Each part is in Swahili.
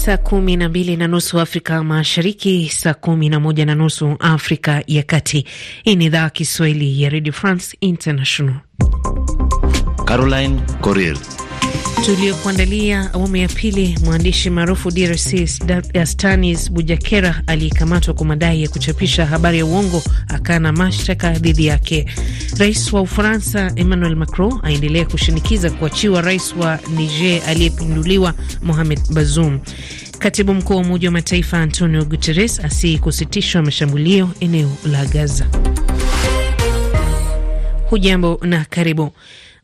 Saa kumi na mbili na nusu Afrika Mashariki, saa kumi na moja na nusu Afrika ya Kati. Hii ni idhaa Kiswahili ya Radio France International. Caroline Corrier. Tuliokuandalia awamu ya pili. Mwandishi maarufu DRC Stanis Bujakera aliyekamatwa kwa madai ya kuchapisha habari ya uongo akana mashtaka dhidi yake. Rais wa Ufaransa Emmanuel Macron aendelea kushinikiza kuachiwa rais wa Niger aliyepinduliwa Mohamed Bazoum. Katibu mkuu wa Umoja wa Mataifa Antonio Guterres asihi kusitishwa mashambulio eneo la Gaza. Hujambo na karibu.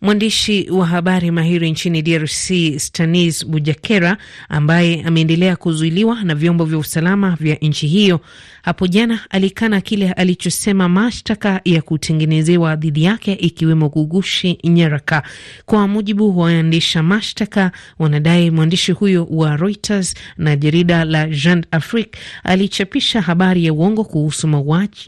Mwandishi wa habari mahiri nchini DRC Stanis Bujakera, ambaye ameendelea kuzuiliwa na vyombo vya usalama vya nchi hiyo, hapo jana alikana kile alichosema mashtaka ya kutengenezewa dhidi yake, ikiwemo kugushi nyaraka. Kwa mujibu wa waendesha mashtaka, wanadai mwandishi huyo wa Reuters na jarida la Jeune Afrique alichapisha habari ya uongo kuhusu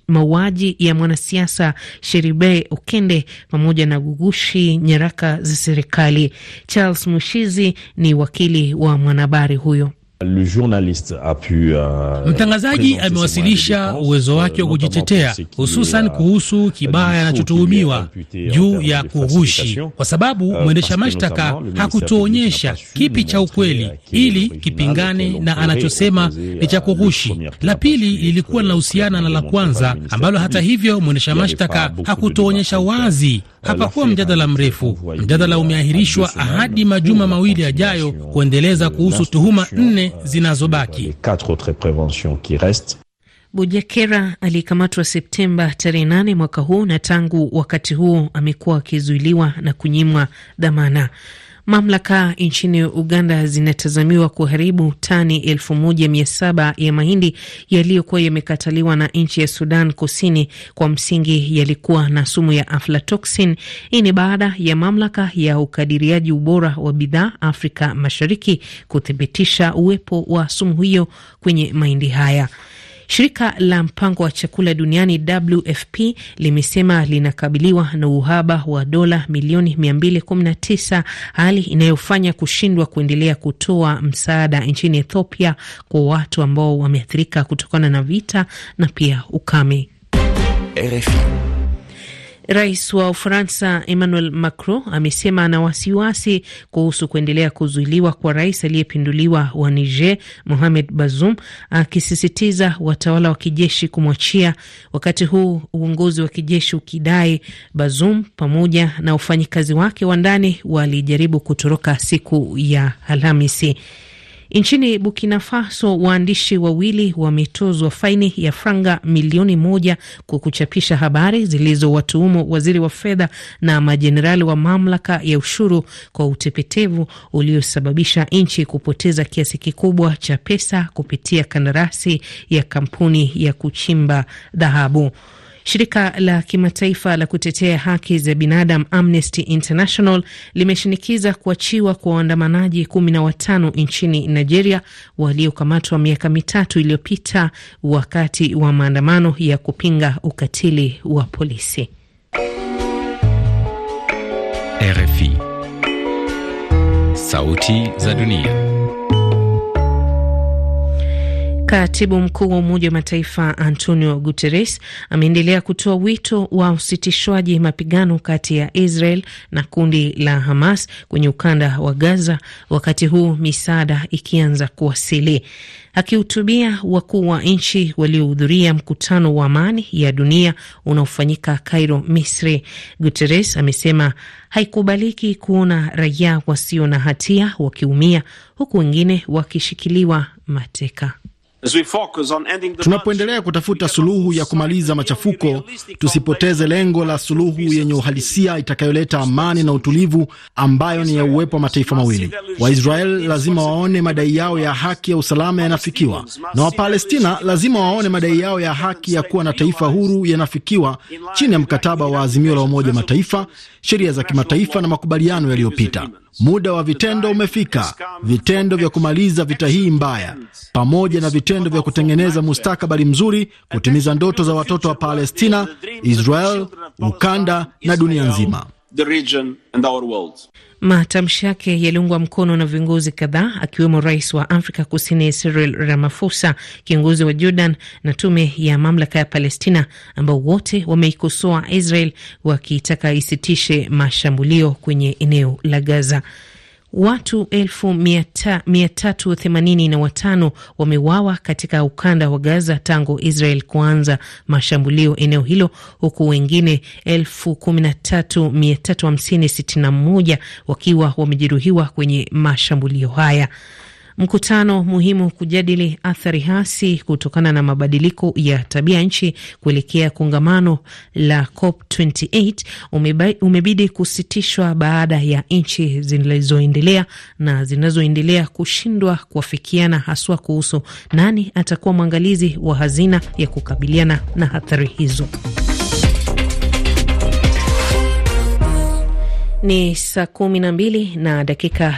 mauaji ya mwanasiasa Sheribe Okende pamoja na gugushi nyaraka za serikali. Charles Mushizi ni wakili wa mwanahabari huyo. Euh, Mtangazaji amewasilisha uwezo wake wa euh, kujitetea hususan euh, kuhusu kibaya anachotuhumiwa juu ya kughushi, kwa sababu mwendesha mashtaka hakutuonyesha kipi cha ukweli ili kipingane na anachosema ni cha kughushi. La pili lilikuwa linahusiana na la kwanza, ambalo hata hivyo mwendesha mashtaka hakutuonyesha wazi Hapakuwa mjadala mrefu. Mjadala umeahirishwa hadi majuma mawili yajayo kuendeleza kuhusu tuhuma euh, nne zinazobaki. Bujakera aliyekamatwa Septemba tarehe 8 mwaka huu na tangu wakati huo amekuwa akizuiliwa na kunyimwa dhamana. Mamlaka nchini Uganda zinatazamiwa kuharibu tani elfu moja mia saba ya mahindi yaliyokuwa yamekataliwa na nchi ya Sudan Kusini kwa msingi yalikuwa na sumu ya aflatoxin. Hii ni baada ya mamlaka ya ukadiriaji ubora wa bidhaa Afrika Mashariki kuthibitisha uwepo wa sumu hiyo kwenye mahindi haya. Shirika la mpango wa chakula duniani WFP limesema linakabiliwa na uhaba wa dola milioni 219, hali inayofanya kushindwa kuendelea kutoa msaada nchini Ethiopia kwa watu ambao wameathirika kutokana na vita na pia ukame. RFI. Rais wa Ufaransa Emmanuel Macron amesema ana wasiwasi kuhusu kuendelea kuzuiliwa kwa rais aliyepinduliwa wa Niger Mohamed Bazoum, akisisitiza watawala wa kijeshi kumwachia, wakati huu uongozi wa kijeshi ukidai Bazoum pamoja na wafanyikazi wake wa ndani walijaribu kutoroka siku ya Alhamisi. Nchini Burkina Faso, waandishi wawili wametozwa faini ya franga milioni moja kwa kuchapisha habari zilizowatuhumu waziri wa fedha na majenerali wa mamlaka ya ushuru kwa utepetevu uliosababisha nchi kupoteza kiasi kikubwa cha pesa kupitia kandarasi ya kampuni ya kuchimba dhahabu. Shirika la kimataifa la kutetea haki za binadamu Amnesty International limeshinikiza kuachiwa kwa waandamanaji kumi na watano nchini Nigeria waliokamatwa miaka mitatu iliyopita wakati wa maandamano ya kupinga ukatili wa polisi. RFI. Sauti za Dunia. Katibu mkuu wa Umoja wa Mataifa Antonio Guterres ameendelea kutoa wito wa usitishwaji mapigano kati ya Israel na kundi la Hamas kwenye ukanda wa Gaza, wakati huu misaada ikianza kuwasili. Akihutubia wakuu wa nchi waliohudhuria mkutano wa amani ya dunia unaofanyika Cairo, Misri, Guterres amesema haikubaliki kuona raia wasio na hatia wakiumia huku wengine wakishikiliwa mateka. Tunapoendelea kutafuta suluhu ya kumaliza machafuko, tusipoteze lengo la suluhu yenye uhalisia itakayoleta amani na utulivu, ambayo ni ya uwepo wa mataifa mawili. waisrael lazima waone madai yao ya haki ya usalama yanafikiwa, na Wapalestina lazima waone madai yao ya haki ya kuwa na taifa huru yanafikiwa chini ya mkataba wa azimio la Umoja wa Mataifa, sheria za kimataifa na makubaliano yaliyopita. Muda wa vitendo umefika, vitendo vya kumaliza vita hii mbaya, pamoja na vitendo vya kutengeneza mustakabali mzuri, kutimiza ndoto za watoto wa Palestina, Israel, ukanda na dunia nzima the region and our world. Matamshi yake yaliungwa mkono na viongozi kadhaa akiwemo rais wa Afrika Kusini Cyril Ramaphosa, kiongozi wa Jordan na tume ya mamlaka ya Palestina, ambao wote wameikosoa Israel wakitaka isitishe mashambulio kwenye eneo la Gaza. Watu elfu mia tatu themanini na watano wamewawa katika ukanda wa Gaza tangu Israel kuanza mashambulio eneo hilo, huku wengine elfu kumi na tatu mia tatu hamsini sitini na moja wakiwa wamejeruhiwa kwenye mashambulio haya. Mkutano muhimu kujadili athari hasi kutokana na mabadiliko ya tabia nchi kuelekea kongamano la COP28 umebidi kusitishwa baada ya nchi zilizoendelea na zinazoendelea kushindwa kuafikiana haswa kuhusu nani atakuwa mwangalizi wa hazina ya kukabiliana na athari hizo. Ni saa kumi na mbili na dakika